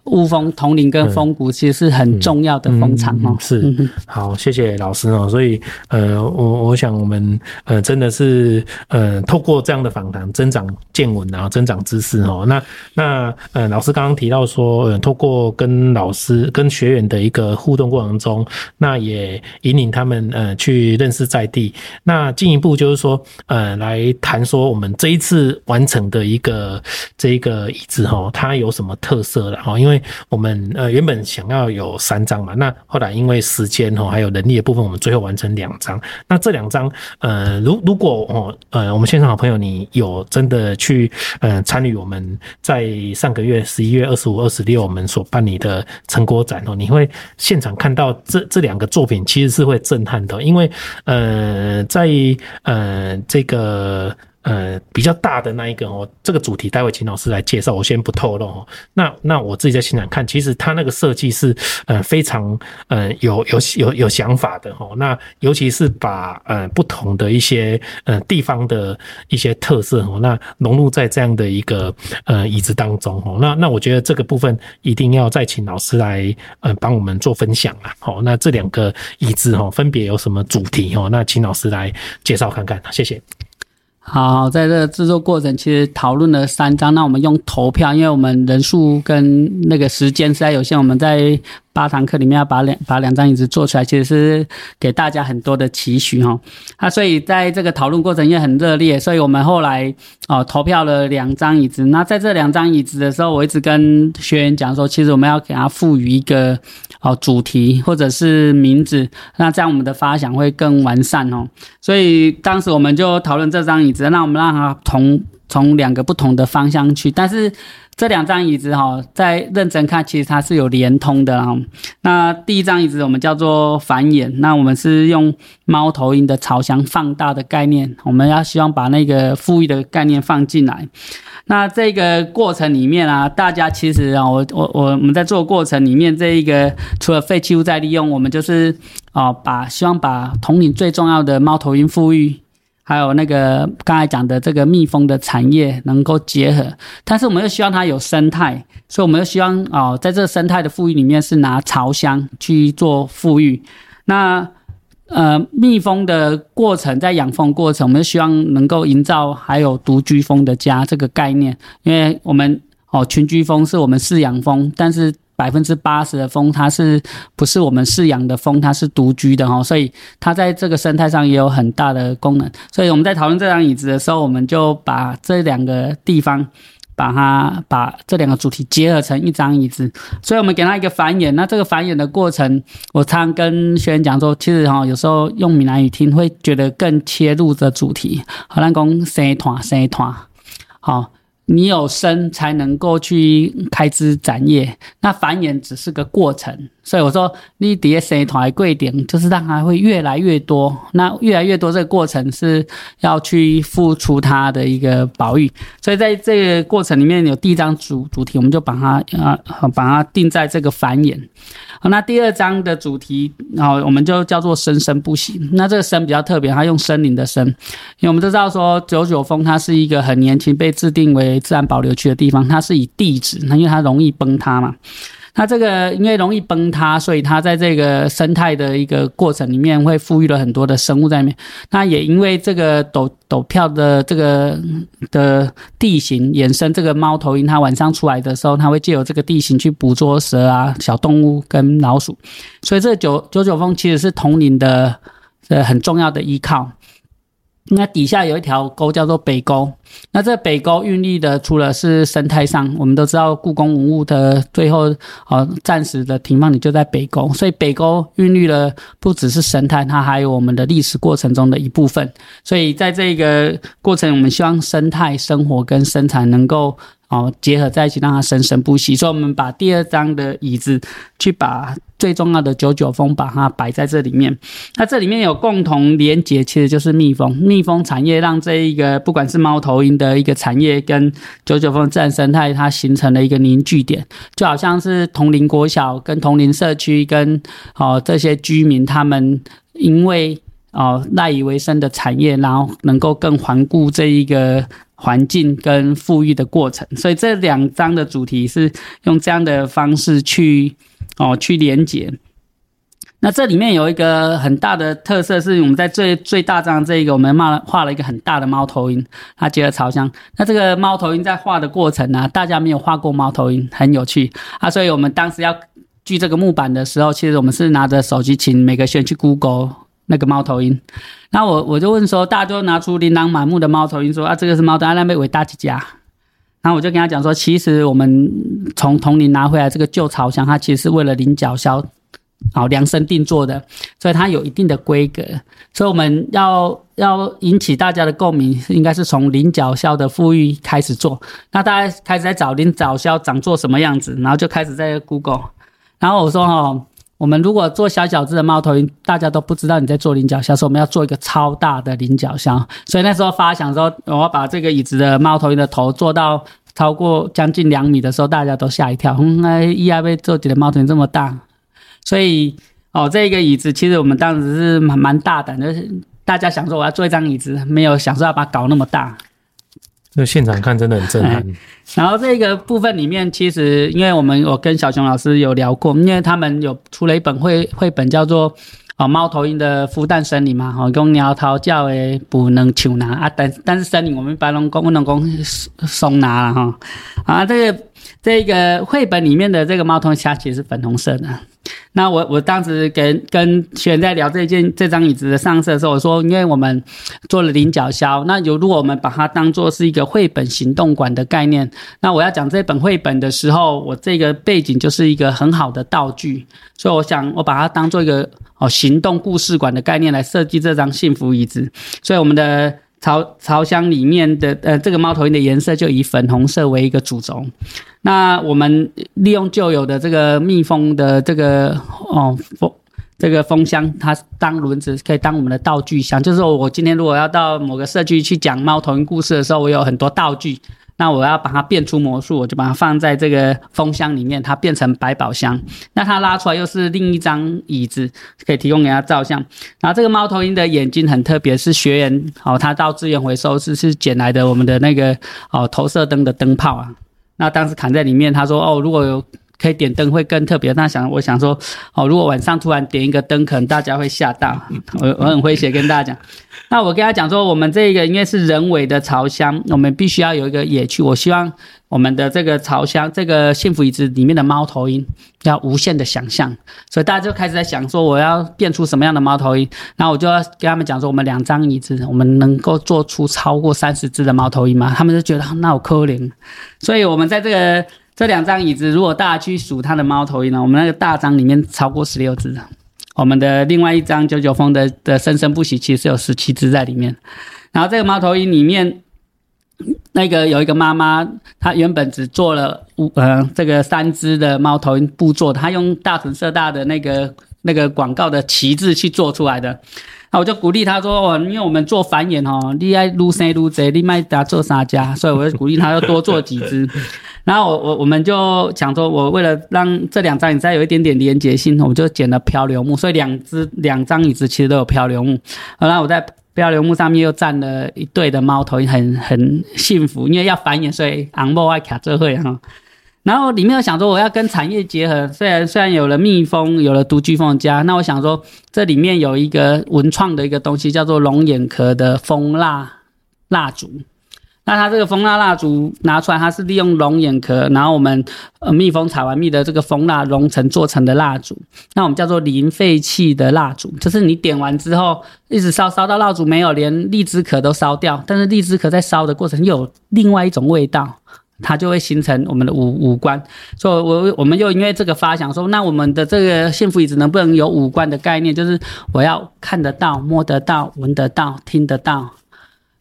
霧峰、銅陵跟峰谷其實是很重要的風場哦、嗯嗯嗯。是，好，謝謝老師哦。所以，呃，我我想我們呃真的是呃透過這樣的訪談，增長見聞然後增長知識哦。那那呃老師剛剛提到說，呃，透過跟老師跟學員的一個互動過程中，那也引領他們呃去認識在地。那進一步就是說，呃，來談說我們這一次完成的一個這一個椅子哦，它有什麼特色了哦？因為我們呃原本想要有三張嘛，那後來因為時間哦還有能力的部分，我們最後完成兩張。那這兩張，呃，如如果哦，呃，我們現場好朋友，你有真的去呃參與我們在上個月十一月二十五、二十六我們所辦理的成果展哦，你會現場看到這這兩個作品，其實是會震撼的，因為呃在呃這個。呃、嗯，比較大的那一個哦、喔，這個主題待會請老師來介紹，我先不透露哦、喔。那那我自己在現場看，其實它那個設計是呃非常呃有有有有想法的哈、喔。那尤其是把呃不同的一些呃地方的一些特色哦、喔，那融入在這樣的一個呃椅子當中哦、喔。那那我覺得這個部分一定要再請老師來呃幫我們做分享啊。好，那這兩個椅子哈、喔，分別有什麼主題哦、喔？那請老師來介紹看看，謝謝。好，在這制作過程其實討論了三張，那我們用投票，因為我們人數跟那個時間實在有限，我們在。八堂課裡面要把兩把兩張椅子做出來，其實是給大家很多的期許哈哦。那啊，所以在這個討論過程也很熱烈，所以我們後來哦投票了兩張椅子。那在這兩張椅子的時候，我一直跟學員講說，其實我們要給他賦予一個哦主題或者是名字，那這樣我們的發想會更完善哦。所以當時我們就討論這張椅子，那我們讓他同。從兩個不同的方向去，但是這兩張椅子哈、哦，在認真看，其實它是有連通的、啊。那第一張椅子我們叫做繁衍，那我們是用貓頭鷹的巢箱放大的概念，我們要希望把那個復育的概念放進來。那這個過程裡面啊，大家其實啊，我我我我們在做過程裡面這一個，除了廢棄物再利用，我們就是啊把希望把同齡最重要的貓頭鷹復育。還有那個剛才講的這個蜜蜂的產業能夠結合，但是我們又希望它有生態，所以我們又希望哦，在這個生態的復育裡面是拿巢箱去做復育。那呃，蜜蜂的過程在養蜂的過程，我們就希望能夠營造還有獨居蜂的家這個概念，因為我們哦群居蜂是我們飼養蜂，但是。百分之八十的蜂，它是不是我們飼養的蜂？它是獨居的哦，所以它在這個生態上也有很大的功能。所以我們在討論這張椅子的時候，我們就把這兩個地方，把它把這兩個主題結合成一張椅子。所以我們給它一個繁衍。那這個繁衍的過程，我常常跟學員講說，其實哈，有時候用閩南語聽會覺得更切入的主題。好，咱講生湠生湠，好。你有生才能夠去開枝展葉，那繁衍只是個過程。所以我說，你底誰生團貴點，就是讓它會越來越多。那越來越多這個過程是要去付出它的一個保育。所以在這個過程裡面有第一章主主題，我們就把它啊，把它定在這個繁衍。那第二章的主題啊，我們就叫做生生不息。那這個生比較特別，它用森林的生，因為我們都知道說九九峰它是一個很年輕被制定為自然保留區的地方，它是以地質，那因為它容易崩塌嘛。那這個因為容易崩塌，所以它在這個生態的一個過程裡面會賦予了很多的生物在裡面。那也因為這個陡陡峭的這個的地形，衍生這個貓頭鷹，它晚上出來的時候，它會借由這個地形去捕捉蛇啊、小動物跟老鼠。所以這九九九峰其實是同齡的呃很重要的依靠。那底下有一條溝叫做北溝，那這北溝孕育的除了是生態上，我們都知道故宮文物的最後，呃、啊，暫時的停放點就在北溝，所以北溝孕育的不只是生態，它還有我們的歷史過程中的一部分，所以在這個過程，我們希望生態生活跟生產能夠。哦，結合在一起，讓它生生不息。所以，我們把第二張的椅子，去把最重要的九九峰，把它擺在這裡面。那這裡面有共同連結，其實就是蜜蜂。蜜蜂產業讓這一個不管是貓頭鷹的一個產業，跟九九峰自然生態，它形成了一個凝聚點，就好像是桐林國小跟桐林社區跟哦這些居民，他們因為。哦，賴以為生的產業，然後能夠更環顧這一個環境跟富裕的過程，所以這兩張的主題是用這樣的方式去哦去連接。那這裡面有一個很大的特色是，我們在最最大張這一個，我們畫了畫了一個很大的貓頭鷹，它、啊、接着朝向。那這個貓頭鷹在畫的過程呢、啊，大家沒有畫過貓頭鷹，很有趣啊。所以我們當時要鋸這個木板的時候，其實我們是拿着手機，請每個學員去 Google。那個貓頭鷹，那我我就問說，大家都拿出琳琅滿目的貓頭鷹，說啊，這個是貓頭鷹，那被偉大幾家？那我就跟他講說，其實我們從桐林拿回來這個舊巢箱，它其實是為了領角鴞哦量身定做的，所以它有一定的規格。所以我們要要引起大家的共鳴，應該是從領角鴞的復育開始做。那大家開始在找領角鴞長做什麼樣子，然後就開始在 Google，然後我說哈。哦。我們如果做小小隻的貓頭鷹，大家都不知道你在做菱角箱。所以我們要做一個超大的菱角箱，所以那時候發想說，我要把這個椅子的貓頭鷹的頭做到超過將近兩米的時候，大家都嚇一跳，嗯、哎，意外被做起的貓頭鷹這麼大。所以哦，這個椅子其實我們當時是蠻蠻大膽的，就是、大家想說我要做一張椅子，沒有想說要把它搞那麼大。就現場看真的很震撼。嗯，然後這個部分裡面，其實因為我們我跟小熊老師有聊過，因為他們有出了一本繪繪本叫做《啊、哦、貓頭鷹的孵蛋生理》嘛，吼用鳥頭教誒不能求拿啊，但是但是生理我們白龍公不能夠松拿哈，啊這個這個繪本裡面的這個貓頭鷹其實是粉紅色的。那我我當時跟跟學員在聊這件這張椅子的上色的時候，我說因為我們做了菱角削，那有如果我們把它當做是一個繪本行動館的概念，那我要講這本繪本的時候，我這個背景就是一個很好的道具，所以我想我把它當作一個哦行動故事館的概念來設計這張幸福椅子，所以我們的。巢巢箱裡面的呃，這個貓頭鷹的顏色就以粉紅色為一個主軸，那我們利用舊有的這個蜜蜂的這個哦蜂這個蜂箱，它當輪子可以當我們的道具箱，就是說我今天如果要到某個社區去講貓頭鷹故事的時候，我有很多道具。那我要把它變出魔術，我就把它放在這個風箱裡面，它變成百寶箱。那它拉出來又是另一張椅子，可以提供給它照相。然後這個貓頭鷹的眼睛很特別，是學員哦，他到資源回收室是撿來的，我們的那個哦投射燈的燈泡啊。那當時砍在裡面，他說哦，如果有。可以點燈會更特別，那想我想說，哦，如果晚上突然點一個燈，可能大家會嚇到。我我很詼諧跟大家講， 那我跟他講說，我們這一個應該是人為的巢箱，我們必須要有一個野趣。我希望我們的這個巢箱，這個幸福椅子裡面的貓頭鷹要無限的想象，所以大家就開始在想說，我要變出什麼樣的貓頭鷹？那我就要跟他們講說，我們兩張椅子，我們能夠做出超過三十隻的貓頭鷹嗎？他們就覺得、哦、那好可憐，所以我們在這個。這兩張椅子，如果大家去數它的貓頭鷹呢？我們那個大張裡面超過十六隻的，我們的另外一張九九峰的的生生不息，其實是有十七隻在裡面。然後這個貓頭鷹裡面，那個有一個媽媽，她原本只做了五，呃，這個三隻的貓頭鷹布做，她用大成色大的那個那個廣告的旗幟去做出來的。那我就鼓勵他說，我、哦、因為我們做繁衍哦，你愛擼生擼仔，你賣家做三家，所以我就鼓勵他要多做幾隻。 然後我我我們就想說，我為了讓這兩張椅子再有一點點連結性，我就撿了漂流木，所以兩隻兩張椅子其實都有漂流木。然、哦、了，我在漂流木上面又站了一對的貓頭鷹，很很幸福，因為要繁衍，所以昂木愛卡最會哈。嗯然後裡面我想說我要跟產業結合，雖然雖然有了蜜蜂，有了獨居蜂家，那我想說這裡面有一個文創的一個東西，叫做龍眼殼的蜂蠟蠟燭。那它這個蜂蠟蠟燭拿出來，它是利用龍眼殼，然後我們蜜蜂採完蜜的這個蜂蠟熔成做成的蠟燭，那我們叫做零廢棄的蠟燭，就是你點完之後一直燒燒到蠟燭沒有，連荔枝殼都燒掉，但是荔枝殼在燒的過程又有另外一種味道。它就會形成我們的五五官，所以我我們又因為這個發想說，那我們的這個幸福椅子能不能有五官的概念？就是我要看得到、摸得到、聞得到、聽得到，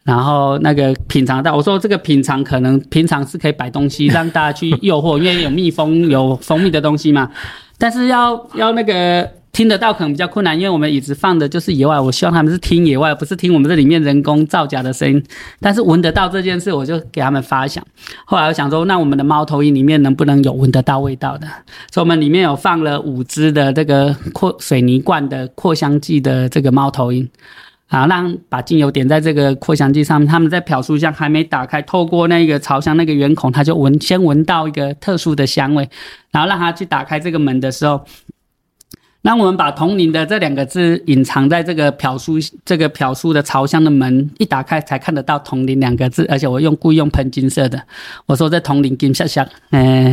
然後那個品嘗到。我說這個品嘗可能平常是可以擺東西讓大家去誘惑，因為有蜜蜂、 有蜂蜜的東西嘛，但是要要那個。聽得到可能比較困難，因為我們椅子放的就是野外。我希望他們是聽野外，不是聽我們這裡面人工造假的聲音。但是聞得到這件事，我就給他們發想。後來我想說，那我們的貓頭鷹裡面能不能有聞得到味道的？所以我們裡面有放了五隻的這個擴水泥罐的擴香劑的這個貓頭鷹，然後讓把精油點在這個擴香劑上面。他們在漂書箱還沒打開，透過那個巢箱那個圓孔，它就聞先聞到一個特殊的香味，然後讓它去打開這個門的時候。那我們把桐林的這兩個字隱藏在這個漂書這個漂書的朝向的門一打開，才看得到桐林兩個字，而且我用故意用噴金色的，我說在桐林金色箱，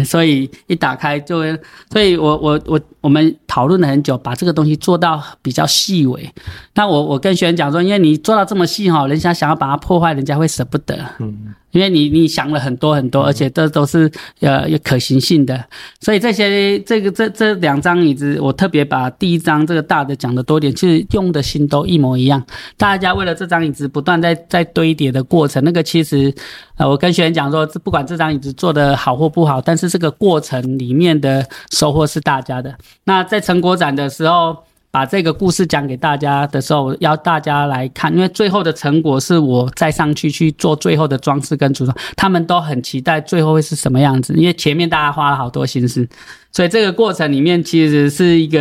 所以一打開就，所以我我我我們討論了很久，把這個東西做到比較細微。那我我跟學員講說，因為你做到這麼細哈，人家想要把它破壞，人家會捨不得。嗯。因為你你想了很多很多，而且這都是呃有可行性的，所以這些這個這這兩張椅子，我特別把第一張這個大的講得多一點，其實用的心都一模一樣。大家為了這張椅子不斷在在堆疊的過程，那個其實呃我跟學員講說，不管這張椅子做得好或不好，但是這個過程裡面的收穫是大家的。那在成果展的時候。把這個故事講給大家的時候，要大家來看，因為最後的成果是我再上去去做最後的裝飾跟組裝，他們都很期待最後會是什麼樣子，因為前面大家花了好多心思，所以這個過程裡面其實是一個，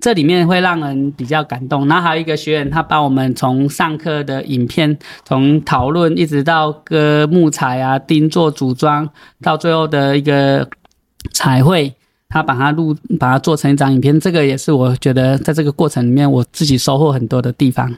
這裡面會讓人比較感動。那還有一個學員，他幫我們從上課的影片，從討論一直到割木材啊、釘做組裝，到最後的一個彩繪。他把它錄，把它做成一張影片，這個也是我覺得在這個過程裡面，我自己收穫很多的地方。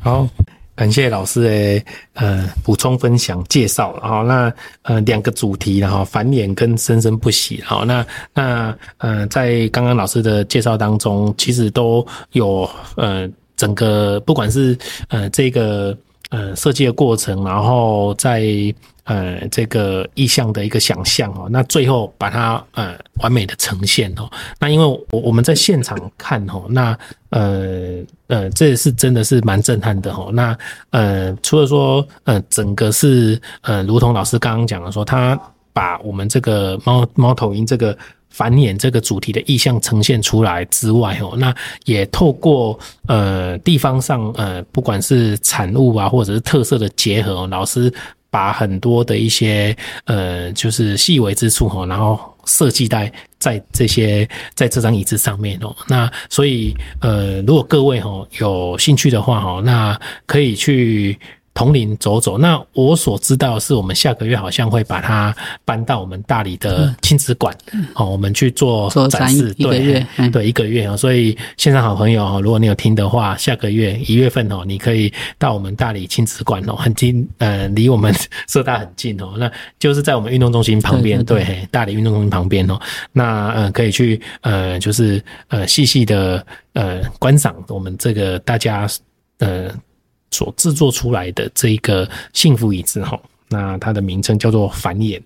好，感謝老師誒、欸、呃補充分享介紹。好，那呃兩個主題，然後繁衍、跟生生不息。好，那那呃在剛剛老師的介紹當中，其實都有呃整個不管是呃這個呃設計的過程，然後在。呃，這個意象的一個想象喔，那最後把它呃完美的呈現喔。那因為我我們在現場看喔，那呃呃，這是真的是蠻震撼的喔。那呃，除了說呃，整個是呃，如同老師剛剛講的說，他把我們這個貓貓頭鷹這個繁衍這個主題的意象呈現出來之外喔，那也透過呃地方上呃，不管是產物啊或者是特色的結合喔，老師。把很多的一些呃，就是細微之處哈，然後設計在在這些在這張椅子上面哦。那所以呃，如果各位哈有興趣的話哈，那可以去。銅陵走走，那我所知道的是我們下個月好像會把它搬到我們大里的親子館、嗯、哦，我們去做展示，對，對，一個月嘿所以線上好朋友如果你有聽的話，下個月一月份哦，你可以到我們大里親子館哦，很近，呃，離我們社 大很近哦，那就是在我們運動中心旁邊，對，對，對，對，大里運動中心旁邊哦，那呃可以去呃就是呃細細的呃觀賞我們這個大家呃。所製作出來的這一個幸福椅子哈，那它的名稱叫做繁衍。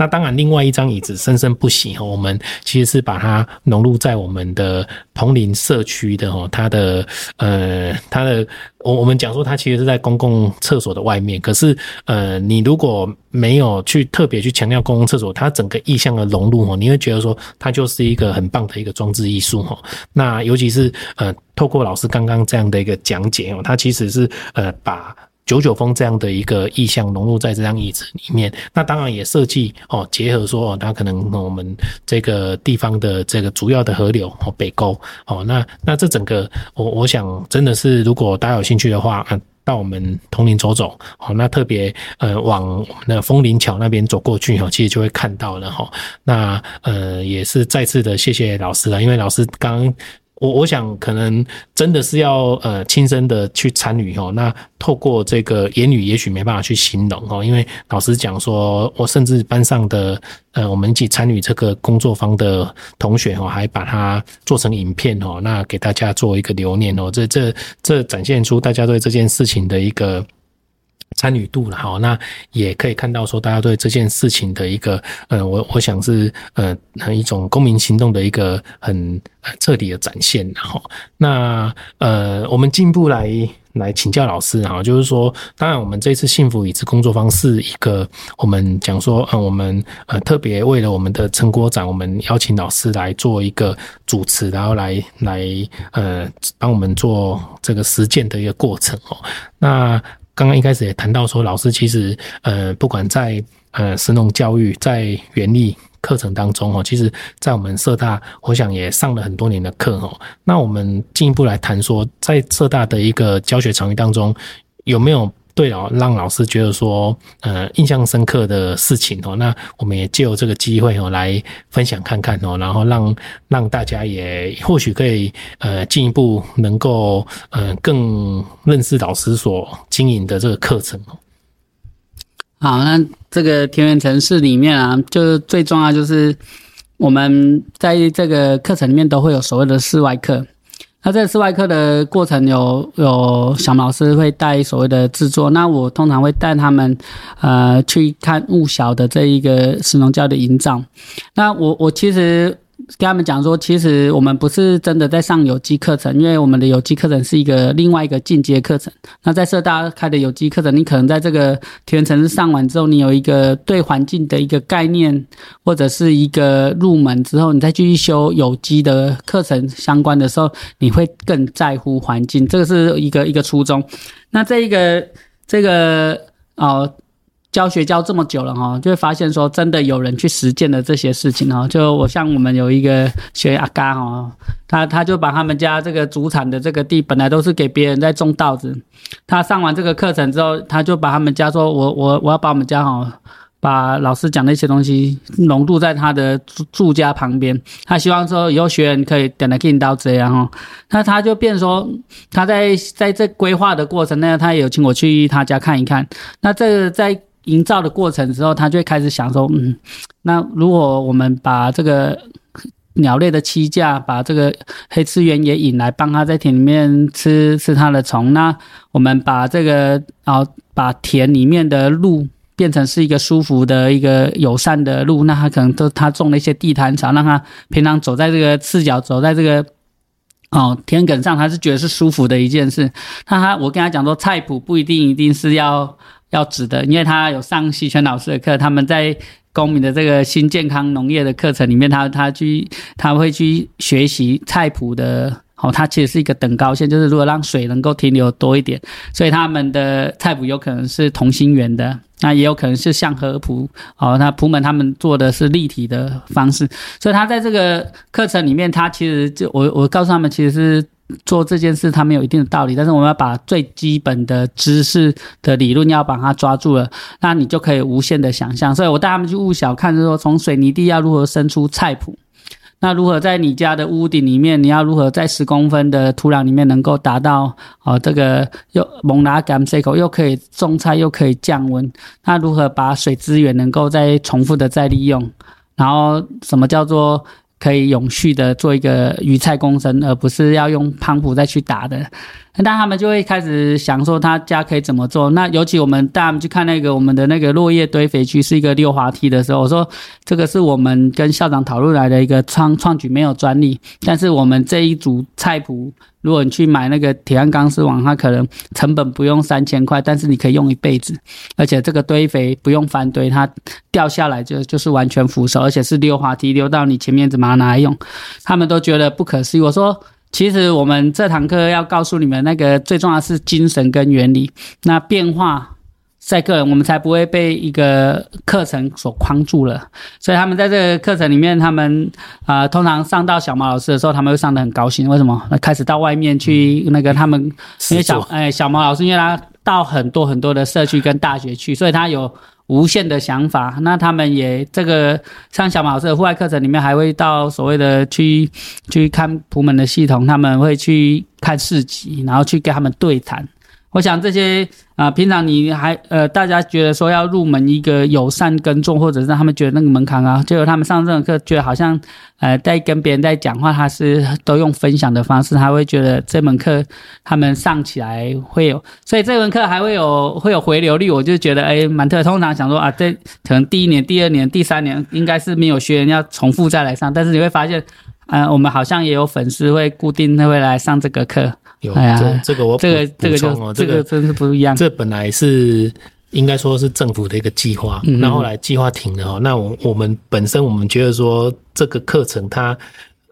那當然，另外一張椅子生生不息哈。我們其實是把它融入在我們的桐林社區的哈，它的呃，它的我我們講說它其實是在公共廁所的外面。可是呃，你如果沒有去特別去強調公共廁所，它整個意向的融入哈，你會覺得說它就是一個很棒的一個裝置藝術哈。那尤其是呃，透過老師剛剛這樣的一個講解哦，它其實是呃把。九九峰這樣的一個意象，融入在這張椅子裡面，那當然也設計哦，結合說哦，那可能我們這個地方的這個主要的河流哦、喔，北溝哦，那那這整個我我想真的是，如果大家有興趣的話、啊，到我們桐林走走哦、喔，那特別呃往那桐林橋那邊走過去哦、喔，其實就會看到了哈、喔。那呃也是再次的謝謝老師了，因為老師剛。我我想可能真的是要呃親身的去參與哦，那透過這個言語也許沒辦法去形容哦，因為老實講說，我甚至班上的呃我們一起參與這個工作坊的同學哦，還把它做成影片哦，那給大家做一個留念哦，這這這展現出大家對這件事情的一個。參與度了，好，那也可以看到說，大家對這件事情的一個，呃，我我想是，呃，很一種公民行動的一個很、呃、徹底的展現，然後，那呃，我們進一步來來請教老師，哈，就是說，當然，我們這次幸福椅子工作坊是一個，我們講說，呃，我們呃特別為了我們的成果展，我們邀請老師來做一個主持，然後來來呃，幫我們做這個實踐的一個過程哦、喔，那。剛剛一開始也談到說，老師其實，呃，不管在呃，食農教育在園藝課程當中哦，其實，在我們社大，我想也上了很多年的課哦。那我們進一步來談說，在社大的一個教學場域當中，有沒有？對哦，讓老師覺得說，呃，印象深刻的事情哦，那我們也借由這個機會哦，來分享看看哦，然後讓讓大家也或許可以呃，進一步能夠呃，更認識老師所經營的這個課程哦。好，那這個田園城市裡面啊，就是最重要就是我們在這個課程裡面都會有所謂的室外課。那在室外課的過程有，有有小老師會帶所謂的制作，那我通常會帶他們，呃，去看霧小的這一個食農教的營帳。那我我其實。跟他們講說，其實我們不是真的在上有機課程，因為我們的有機課程是一個另外一個進階課程。那在社大開的有機課程，你可能在這個田園城市上完之後，你有一個對環境的一個概念，或者是一個入門之後，你再繼續修有機的課程相關的時候，你會更在乎環境。這個是一個一個初衷。那這一個這個哦。教學教這麼久了哈，就會發現說真的有人去實踐的這些事情哈。就我像我們有一個學阿嘎哈，他他就把他們家這個祖產的這個地本來都是給別人在種稻子，他上完這個課程之後，他就把他們家說，我我我要把我們家哈，把老師講的一些東西融入在他的住家旁邊。他希望說以後學員可以點來種稻子這樣哈。那他就變說他在在這規劃的過程呢，他也有請我去他家看一看。那這個在營造的過程之後，他就會開始想說：“嗯，那如果我們把這個鳥類的棲架，把這個黑翅鳶也引來，幫他在田裡面吃吃它的蟲，那我們把這個啊、哦，把田裡面的路變成是一個舒服的一個友善的路，那他可能都他種了一些地毯草，讓他平常走在這個赤腳走在這個哦田埂上，他是覺得是舒服的一件事。那他，我跟他講說，菜譜不一定一定是要。”要指的，因為他有上西泉老師的課，他們在公民的這個新健康農業的課程裡面，他他去他會去學習菜譜的。好、哦，它其實是一個等高線，就是如果讓水能夠停留多一點，所以他們的菜譜有可能是同心圓的，那也有可能是向河譜。好、哦，那樸門他們做的是立體的方式，所以他在這個課程裡面，他其實就我我告訴他們，其實是。做這件事，它，沒有一定的道理，但是我們要把最基本的知識的理論要把它抓住了，那你就可以無限的想象。所以我帶他們去霧小，看就是說從水泥地要如何生出菜圃，那如何在你家的屋頂裡面，你要如何在十公分的土壤裡面能夠達到哦、呃，這個又蒙拉甘塞口又可以種菜又可以降溫，那如何把水資源能夠再重複的再利用，然後什麼叫做？可以永續的做一個魚菜共生，而不是要用幫浦再去打的。但他們就會開始想說，他家可以怎麼做。那尤其我們帶他們去看那個我們的那個落葉堆肥區是一個溜滑梯的時候，我說這個是我們跟校長討論來的一個創創舉，沒有專利。但是我們這一組菜譜，如果你去買那個鐵案鋼絲網，它可能成本不用三千塊，但是你可以用一輩子。而且這個堆肥不用翻堆，它掉下來就就是完全腐熟，而且是溜滑梯，溜到你前面怎麼拿來用？他們都覺得不可思議。我說。其實我們這堂課要告訴你們，那個最重要的是精神跟原理。那變化在個人，我們才不會被一個課程所框住了。所以他們在這個課程裡面，他們啊、呃，通常上到小毛老師的時候，他們會上得很高興。為什麼？開始到外面去、嗯、那個他們，嗯、因為小哎、嗯、小毛老師，因為他到很多很多的社區跟大學去，所以他有。無限的想法，那他們也這個像小馬老師的戶外課程裡面，還會到所謂的去去看普門的系統，他們會去看市集，然後去跟他們對談。我想這些啊、呃，平常你還呃，大家覺得說要入門一個友善耕種，或者是他們覺得那個門檻啊，結果他們上這門課，覺得好像呃，在跟別人在講話，他是都用分享的方式，他會覺得這門課他們上起來會有，所以這門課還會有會有回流率。我就覺得誒蠻、欸、特。通常想說啊，這可能第一年、第二年、第三年應該是沒有學員要重複再來上，但是你會發現，啊、呃，我們好像也有粉絲會固定會來上這個課。有，哎、呀這這個我補充哦，這個這個真是不一樣。這本來是應該說是政府的一個計劃、嗯哼哦，那後來計劃停了，那我我們本身我們覺得說這個課程它。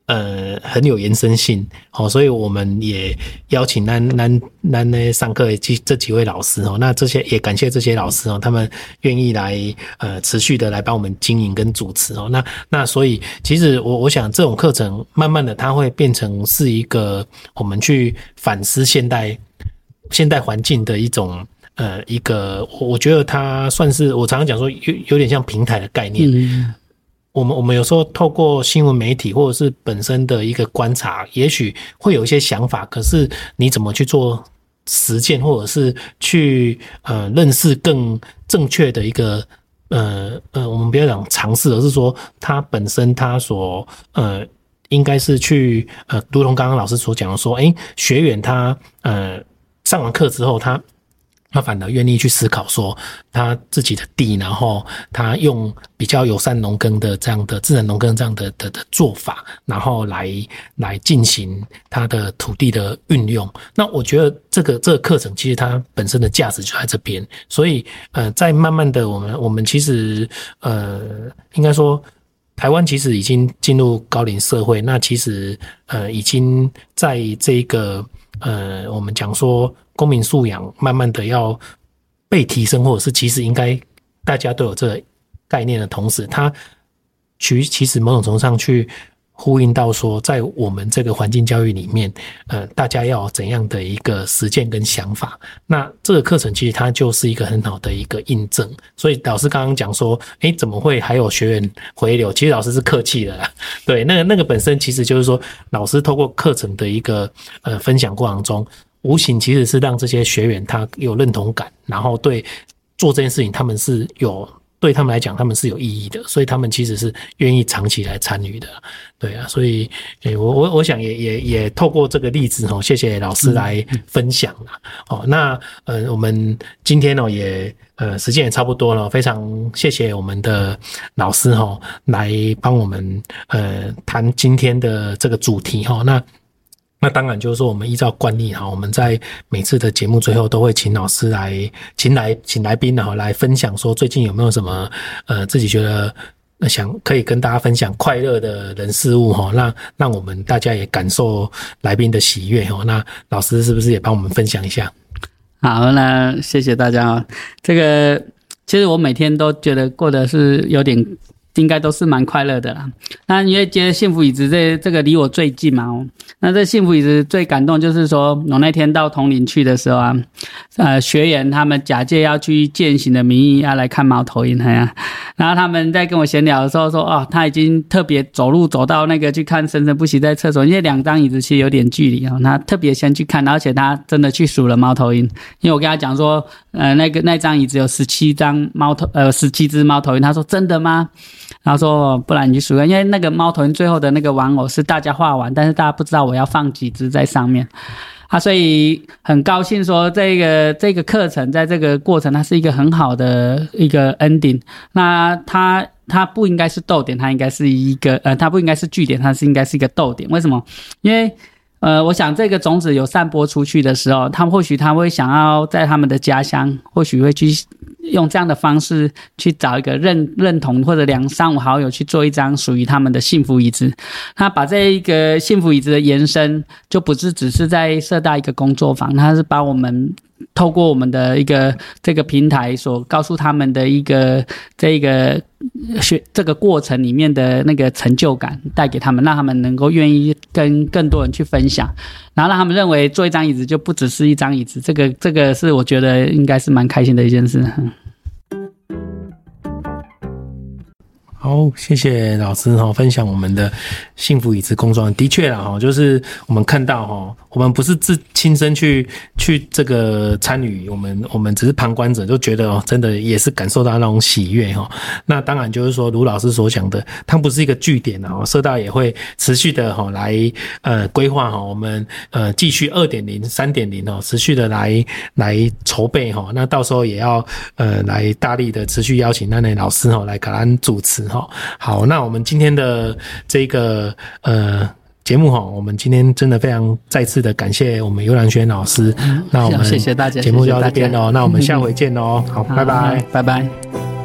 呃，很有延伸性哦，所以我們也邀請那那那那上課這這幾位老師哦，那這些也感謝這些老師哦，他們願意來呃持續的來幫我們經營跟主持哦，那那所以其實我我想這種課程慢慢的它會變成是一個我們去反思現代現代環境的一種呃一個，我，我覺得它算是我常常講說有有點像平台的概念。嗯我們我們有時候透過新聞媒體或者是本身的一個觀察，也許會有一些想法，可是你怎麼去做實踐，或者是去呃認識更正確的一個呃呃，我們不要講嘗試，而是說他本身他所呃應該是去呃，如同剛剛老師所講的說，哎，學員他呃上完課之後他。他反而願意去思考，說他自己的地，然後他用比較友善農耕的這樣的自然農耕這樣的的的做法，然後來來進行他的土地的運用。那我覺得這個這個課程其實它本身的價值就在這邊。所以，呃，在慢慢的我們我們其實呃，應該說台灣其實已經進入高齡社會，那其實呃已經在這個呃我們講說。公民素養慢慢的要被提升，或者是其實應該大家都有這個概念的同時，它其其實某種程度上去呼應到說，在我們這個環境教育裡面，呃，大家要怎樣的一個實踐跟想法？那這個課程其實它就是一個很好的一個印證。所以老師剛剛講說，誒，怎麼會還有學員回流？其實老師是客氣的啦。對，那個那個本身其實就是說，老師透過課程的一個呃分享過程中。無形其實是讓這些學員他有認同感，然後對做這件事情，他們是有對他們來講，他們是有意義的，所以他們其實是願意長期來參與的。對啊，所以誒，我我我想也也也透過這個例子哦，謝謝老師來分享哦。那呃，我們今天呢也呃時間也差不多了，非常謝謝我們的老師哈，來幫我們呃談今天的這個主題哈。那。那當然就是說，我們依照慣例哈，我們在每次的節目最後都會請老師來，請來請來賓哈，然後來分享說最近有沒有什麼呃自己覺得想可以跟大家分享快樂的人事物哈。那讓我們大家也感受來賓的喜悅哈。那老師是不是也幫我們分享一下？好，那謝謝大家。這個其實我每天都覺得過得是有點。應該都是蠻快樂的啦。那因為覺得幸福椅子這這個離我最近嘛、喔。那這幸福椅子最感動就是說，我那天到桐林去的時候啊，呃，學員他們假借要去健行的名義要、啊、來看貓頭鷹，好像、啊。然後他們在跟我閒聊的時候說，哦，他已經特別走路走到那個去看生生不息在廁所，因為兩張椅子其實有點距離啊、喔。他特別先去看，而且他真的去數了貓頭鷹，因為我跟他講說，呃，那個那張椅子有十七張貓頭，呃，十七隻貓頭鷹。他說真的嗎？然後說，不然你去數個，因為那個貓頭鷹最後的那個玩偶是大家畫完，但是大家不知道我要放幾只在上面，啊，所以很高興說這個這個課程在這個過程它是一個很好的一個 ending。那它它不應該是逗點，它應該是一個呃，它不應該是句點，它是應該是一個逗點。為什麼？因為呃，我想這個種子有散播出去的時候，他們或許他會想要在他們的家鄉，或許會去。用這樣的方式去找一個認認同，或者兩三五好友去做一張屬於他們的幸福椅子，那把這一個幸福椅子的延伸就不是只是在社大一個工作坊，它是把我們。透過我們的一個這個平台，所告訴他們的一個這個學這個過程裡面的那個成就感，帶給他們，讓他們能夠願意跟更多人去分享，然後讓他們認為做一張椅子就不只是一張椅子，這個這個是我覺得應該是蠻開心的一件事。好，謝謝老師哈，分享我們的幸福椅子工作。的確啦哈，就是我們看到哈，我們不是自親身去去這個參與，我們我們只是旁觀者，就覺得哦，真的也是感受到那種喜悅哈。那當然就是說，盧老師所講的，它不是一個據點啊，社大也會持續的哈來呃規劃哈，我們呃繼續二點零、三點零哦，持續的來來籌備哈。那到時候也要呃來大力的持續邀請那位老師哈來感恩主持。好，那我們今天的這個呃節目哈，我們今天真的非常再次的感謝我們游南軒老師。嗯嗯、那我們節目就到這邊咯，謝謝大家，那我們下回見咯、嗯、好，好拜拜，好拜拜。拜拜。